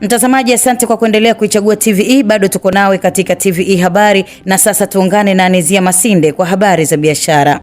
Mtazamaji, asante kwa kuendelea kuichagua TVE. Bado tuko nawe katika TVE Habari, na sasa tuungane na Anizia Masinde kwa habari za biashara.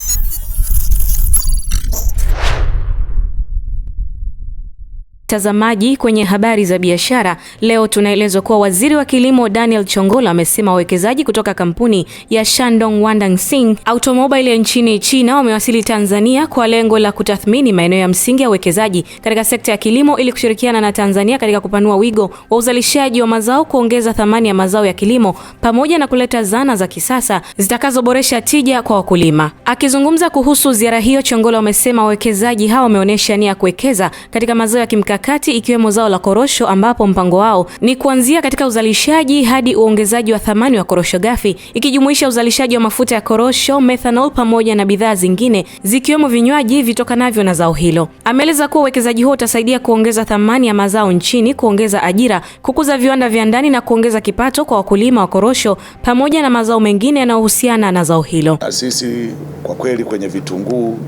Mtazamaji, kwenye habari za biashara leo tunaelezwa kuwa waziri wa kilimo Daniel Chongola amesema wawekezaji kutoka kampuni ya Shandong Wandangxing Automobile ya nchini China wamewasili Tanzania kwa lengo la kutathmini maeneo ya msingi ya uwekezaji katika sekta ya kilimo ili kushirikiana na Tanzania katika kupanua wigo wa uzalishaji wa mazao, kuongeza thamani ya mazao ya kilimo pamoja na kuleta zana za kisasa zitakazoboresha tija kwa wakulima. Akizungumza kuhusu ziara hiyo, Chongola wamesema wawekezaji hao wameonyesha nia ya kuwekeza katika mazao ya kimkakati ya ikiwemo zao la korosho ambapo mpango wao ni kuanzia katika uzalishaji hadi uongezaji wa thamani wa korosho ghafi ikijumuisha uzalishaji wa mafuta ya korosho, methanol pamoja na bidhaa zingine zikiwemo vinywaji vitokanavyo na zao hilo. Ameeleza kuwa uwekezaji huo utasaidia kuongeza thamani ya mazao nchini, kuongeza ajira, kukuza viwanda vya ndani na kuongeza kipato kwa wakulima wa korosho pamoja na mazao mengine yanayohusiana na zao hilo. Sisi kwa kweli kwenye vitunguu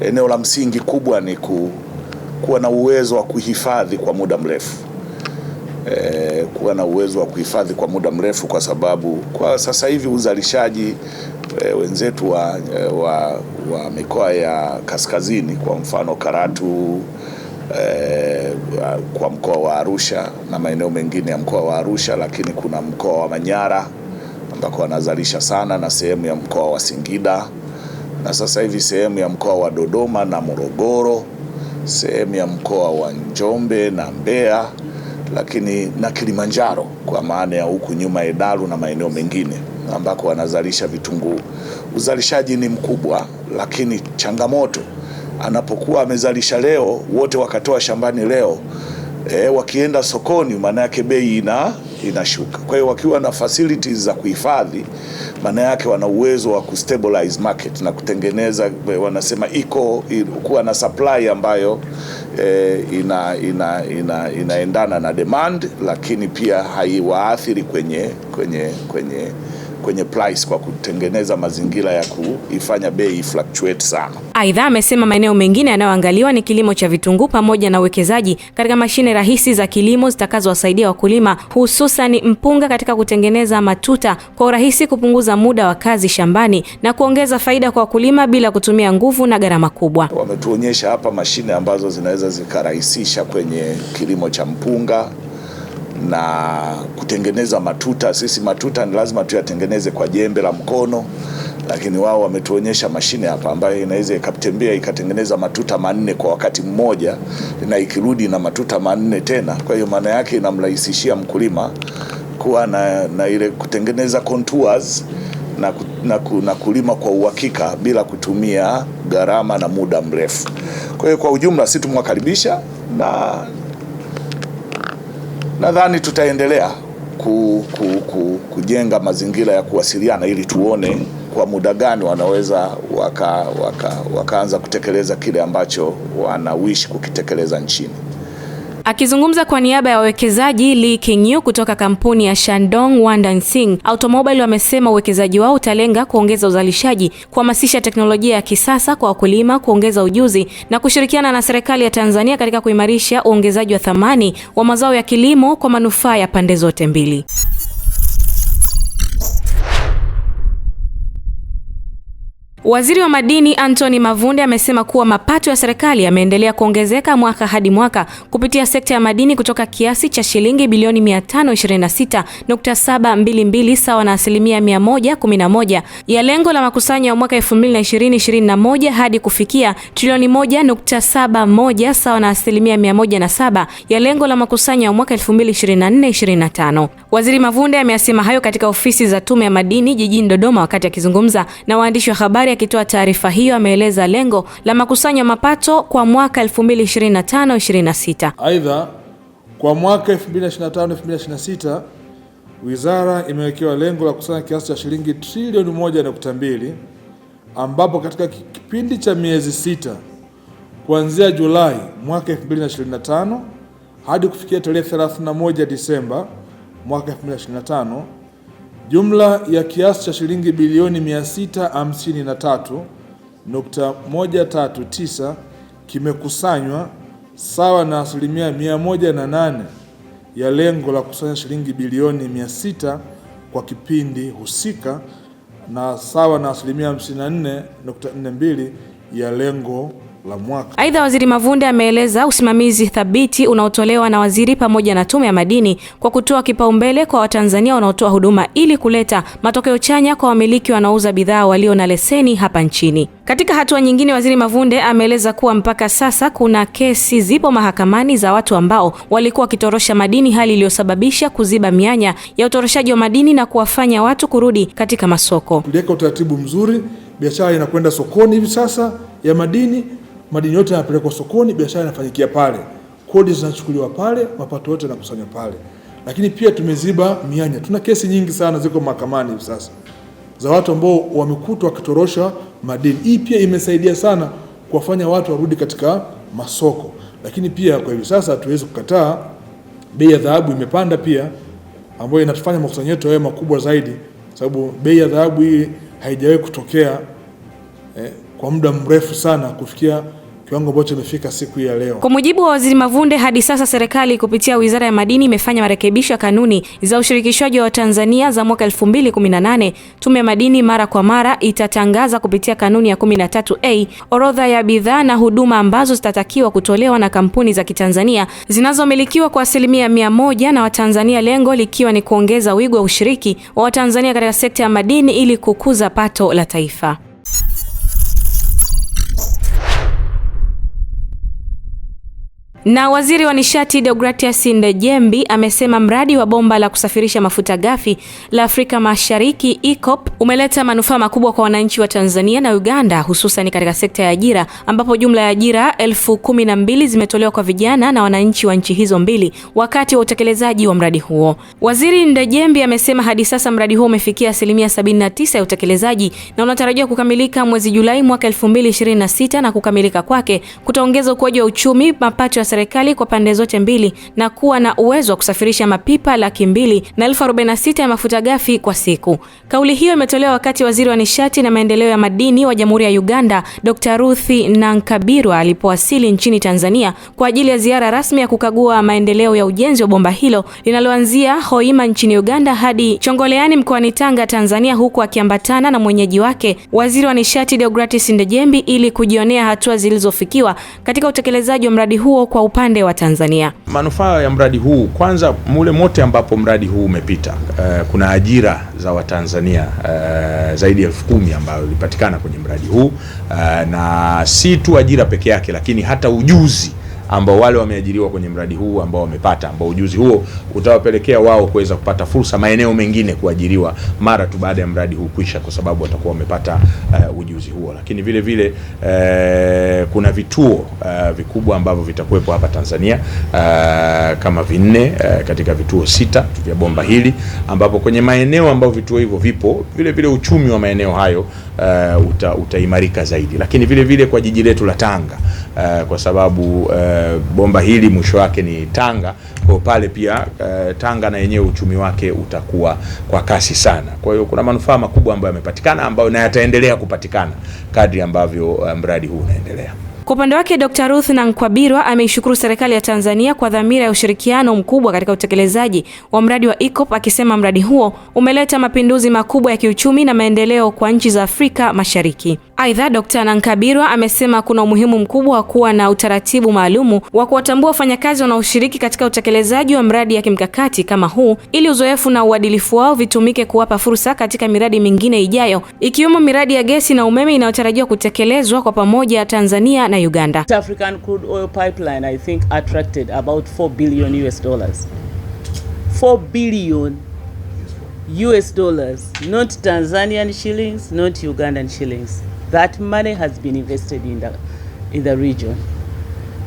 eneo la msingi kubwa ni ku kuwa na uwezo wa kuhifadhi kwa muda mrefu e, kuwa na uwezo wa kuhifadhi kwa muda mrefu, kwa sababu kwa sasa hivi uzalishaji e, wenzetu wa, e, wa, wa mikoa ya kaskazini kwa mfano Karatu e, kwa mkoa wa Arusha na maeneo mengine ya mkoa wa Arusha, lakini kuna mkoa wa Manyara ambako wanazalisha sana na sehemu ya mkoa wa Singida na sasa hivi sehemu ya mkoa wa Dodoma na Morogoro sehemu ya mkoa wa Njombe na Mbeya, lakini na Kilimanjaro kwa maana ya huku nyuma edaru na maeneo mengine ambako wanazalisha vitunguu. Uzalishaji ni mkubwa, lakini changamoto anapokuwa amezalisha leo wote wakatoa shambani leo e, wakienda sokoni, maana yake bei ina inashuka. Kwa hiyo wakiwa na facilities za kuhifadhi, maana yake wana uwezo wa kustabilize market na kutengeneza, wanasema iko kuwa na supply ambayo e, ina, ina, ina, inaendana na demand, lakini pia haiwaathiri kwenye, kwenye, kwenye kwenye price kwa kutengeneza mazingira ya kuifanya bei fluctuate sana. Aidha, amesema maeneo mengine yanayoangaliwa ni kilimo cha vitunguu pamoja na uwekezaji katika mashine rahisi za kilimo zitakazowasaidia wakulima hususan mpunga katika kutengeneza matuta kwa urahisi, kupunguza muda wa kazi shambani na kuongeza faida kwa wakulima bila kutumia nguvu na gharama kubwa. Wametuonyesha hapa mashine ambazo zinaweza zikarahisisha kwenye kilimo cha mpunga na kutengeneza matuta. Sisi matuta ni lazima tuyatengeneze kwa jembe la mkono, lakini wao wametuonyesha mashine hapa ambayo inaweza ikatembea ikatengeneza matuta manne kwa wakati mmoja, na ikirudi na matuta manne tena. Kwa hiyo maana yake inamrahisishia mkulima kuwa na, na ile kutengeneza contours na, na, na kulima kwa uhakika bila kutumia gharama na muda mrefu. Kwa hiyo kwa ujumla, si tumwakaribisha na Nadhani tutaendelea ku, ku, ku, kujenga mazingira ya kuwasiliana ili tuone kwa muda gani wanaweza waka, waka, wakaanza kutekeleza kile ambacho wanawishi kukitekeleza nchini. Akizungumza kwa niaba ya wawekezaji Lee Kingyu kutoka kampuni ya Shandong Wandansing Automobile wamesema uwekezaji wao utalenga kuongeza uzalishaji, kuhamasisha teknolojia ya kisasa kwa wakulima, kuongeza ujuzi na kushirikiana na serikali ya Tanzania katika kuimarisha uongezaji wa thamani wa mazao ya kilimo kwa manufaa ya pande zote mbili. Waziri wa Madini Anthony Mavunde amesema kuwa mapato ya serikali yameendelea kuongezeka mwaka hadi mwaka kupitia sekta ya madini kutoka kiasi cha shilingi bilioni 526.722 sawa na asilimia 111 ya lengo la makusanyo ya mwaka 2020-2021 hadi kufikia trilioni 1.71 sawa na asilimia 107 ya lengo la makusanyo ya mwaka 2024-2025. Waziri Mavunde ameyasema hayo katika ofisi za Tume ya Madini jijini Dodoma wakati akizungumza na waandishi wa habari. Akitoa taarifa hiyo, ameeleza lengo la makusanyo ya mapato kwa mwaka 2025-2026. Aidha, kwa mwaka 2025-2026 wizara imewekewa lengo la kukusanya kiasi cha shilingi trilioni 1.2 ambapo katika kipindi cha miezi sita kuanzia Julai mwaka 2025 hadi kufikia tarehe 31 Disemba mwaka 2025 jumla ya kiasi cha shilingi bilioni 653.139 kimekusanywa sawa na asilimia 108 ya lengo la kukusanya shilingi bilioni 600 kwa kipindi husika na sawa na asilimia 54.42 ya lengo la mwaka. Aidha, Waziri Mavunde ameeleza usimamizi thabiti unaotolewa na waziri pamoja na Tume ya Madini kwa kutoa kipaumbele kwa Watanzania wanaotoa huduma ili kuleta matokeo chanya kwa wamiliki wanaouza bidhaa walio na leseni hapa nchini. Katika hatua nyingine, Waziri Mavunde ameeleza kuwa mpaka sasa kuna kesi zipo mahakamani za watu ambao walikuwa wakitorosha madini, hali iliyosababisha kuziba mianya ya utoroshaji wa madini na kuwafanya watu kurudi katika masoko. Tuliweka utaratibu mzuri, biashara inakwenda sokoni hivi sasa ya madini madini yote yanapelekwa sokoni, biashara inafanyikia pale, kodi zinachukuliwa pale, mapato yote yanakusanywa pale. Lakini pia tumeziba mianya. Tuna kesi nyingi sana ziko mahakamani hivi sasa za watu ambao wamekutwa wakitorosha madini. Hii pia imesaidia sana kuwafanya watu warudi katika masoko. Lakini pia kwa hivi sasa hatuwezi kukataa, bei ya dhahabu imepanda pia, ambayo inatufanya makusanyo yetu yawe makubwa zaidi, sababu bei ya dhahabu hii haijawahi kutokea eh, kwa muda mrefu sana kufikia kiwango ambacho imefika siku ya leo. Kwa mujibu wa Waziri Mavunde, hadi sasa serikali kupitia Wizara ya Madini imefanya marekebisho ya kanuni za ushirikishwaji wa Tanzania za mwaka 2018. Tume ya Madini mara kwa mara itatangaza kupitia kanuni ya 13A orodha ya bidhaa na huduma ambazo zitatakiwa kutolewa na kampuni za Kitanzania zinazomilikiwa kwa asilimia mia moja na Watanzania, lengo likiwa ni kuongeza wigo wa ushiriki wa Watanzania katika sekta ya madini ili kukuza pato la taifa. Na waziri wa nishati Deogratias Ndejembi amesema mradi wa bomba la kusafirisha mafuta ghafi la Afrika Mashariki EACOP umeleta manufaa makubwa kwa wananchi wa Tanzania na Uganda hususan katika sekta ya ajira ambapo jumla ya ajira elfu kumi na mbili zimetolewa kwa vijana na wananchi wa nchi hizo mbili wakati wa utekelezaji wa mradi huo. Waziri Ndejembi amesema hadi sasa mradi huo umefikia asilimia 79 ya utekelezaji na unatarajiwa kukamilika mwezi Julai mwaka 2026 na kukamilika kwake kutaongeza ukuaji wa uchumi, mapato serikali kwa pande zote mbili na kuwa na uwezo wa kusafirisha mapipa laki mbili na elfu arobaini na sita ya mafuta ghafi kwa siku. Kauli hiyo imetolewa wakati waziri wa nishati na maendeleo ya madini wa Jamhuri ya Uganda Dr. Ruthi Nankabirwa alipowasili nchini Tanzania kwa ajili ya ziara rasmi ya kukagua maendeleo ya ujenzi wa bomba hilo linaloanzia Hoima nchini Uganda hadi Chongoleani mkoani Tanga, Tanzania, huku akiambatana na mwenyeji wake waziri wa nishati Deogratis Ndejembi ili kujionea hatua zilizofikiwa katika utekelezaji wa mradi huo kwa kwa upande wa Tanzania. Manufaa ya mradi huu kwanza, mule mote ambapo mradi huu umepita uh, kuna ajira za Watanzania uh, zaidi ya elfu kumi ambayo ilipatikana kwenye mradi huu uh, na si tu ajira peke yake, lakini hata ujuzi ambao wale wameajiriwa kwenye mradi huu ambao wamepata, ambao ujuzi huo utawapelekea wao kuweza kupata fursa maeneo mengine kuajiriwa mara tu baada ya mradi huu kuisha, kwa sababu watakuwa wamepata uh, ujuzi huo. Lakini vile vile uh, kuna vituo uh, vikubwa ambavyo vitakuwepo hapa Tanzania uh, kama vinne uh, katika vituo sita vya bomba hili, ambapo kwenye maeneo ambayo vituo hivyo vipo, vile vile uchumi wa maeneo hayo uh, uta, utaimarika zaidi, lakini vile vile kwa jiji letu la Tanga uh, kwa sababu uh, Eh, bomba hili mwisho wake ni Tanga. Kwa pale pia uh, Tanga na yenyewe uchumi wake utakuwa kwa kasi sana. Kwa hiyo kuna manufaa makubwa ambayo yamepatikana ambayo na yataendelea kupatikana kadri ambavyo eh, mradi huu unaendelea. Kwa upande wake Dr. Ruth Nankwabirwa ameishukuru serikali ya Tanzania kwa dhamira ya ushirikiano mkubwa katika utekelezaji wa mradi wa EACOP akisema mradi huo umeleta mapinduzi makubwa ya kiuchumi na maendeleo kwa nchi za Afrika Mashariki. Aidha, Dkt. Nankabirwa amesema kuna umuhimu mkubwa wa kuwa na utaratibu maalumu wa kuwatambua wafanyakazi wanaoshiriki katika utekelezaji wa mradi ya kimkakati kama huu ili uzoefu na uadilifu wao vitumike kuwapa fursa katika miradi mingine ijayo ikiwemo miradi ya gesi na umeme inayotarajiwa kutekelezwa kwa pamoja Tanzania na Uganda. South African crude oil pipeline I think attracted about 4 billion US dollars. 4 billion US dollars, not Tanzanian shillings, not Ugandan shillings. that money has been invested in the, in the region.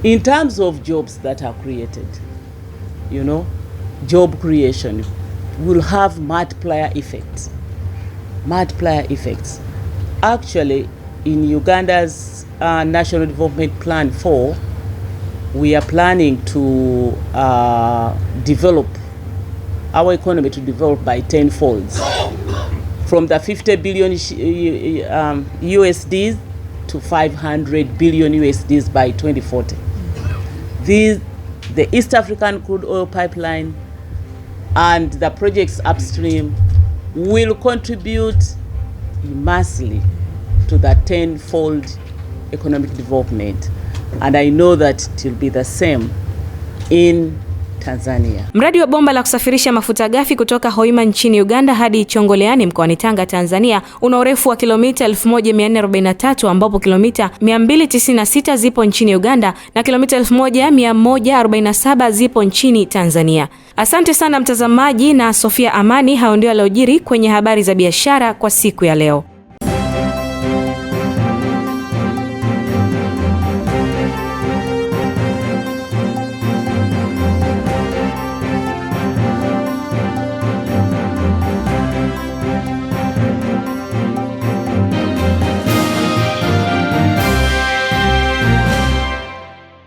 In terms of jobs that are created, you know, job creation will have multiplier effects. Multiplier effects. Actually, in Uganda's uh, National Development Plan 4, we are planning to uh, develop our economy to develop by tenfolds from the 50 billion uh, uh, um, USDs to 500 billion USDs by 2040. These, the East African crude oil pipeline and the projects upstream will contribute immensely to the tenfold economic development. And I know that it will be the same in Tanzania. Mradi wa bomba la kusafirisha mafuta ghafi kutoka Hoima nchini Uganda hadi chongoleani mkoani Tanga, Tanzania una urefu wa kilomita 1443 ambapo kilomita 296 zipo nchini Uganda na kilomita 1147 zipo nchini Tanzania. Asante sana mtazamaji na Sofia Amani. Hao ndio aliojiri kwenye habari za biashara kwa siku ya leo.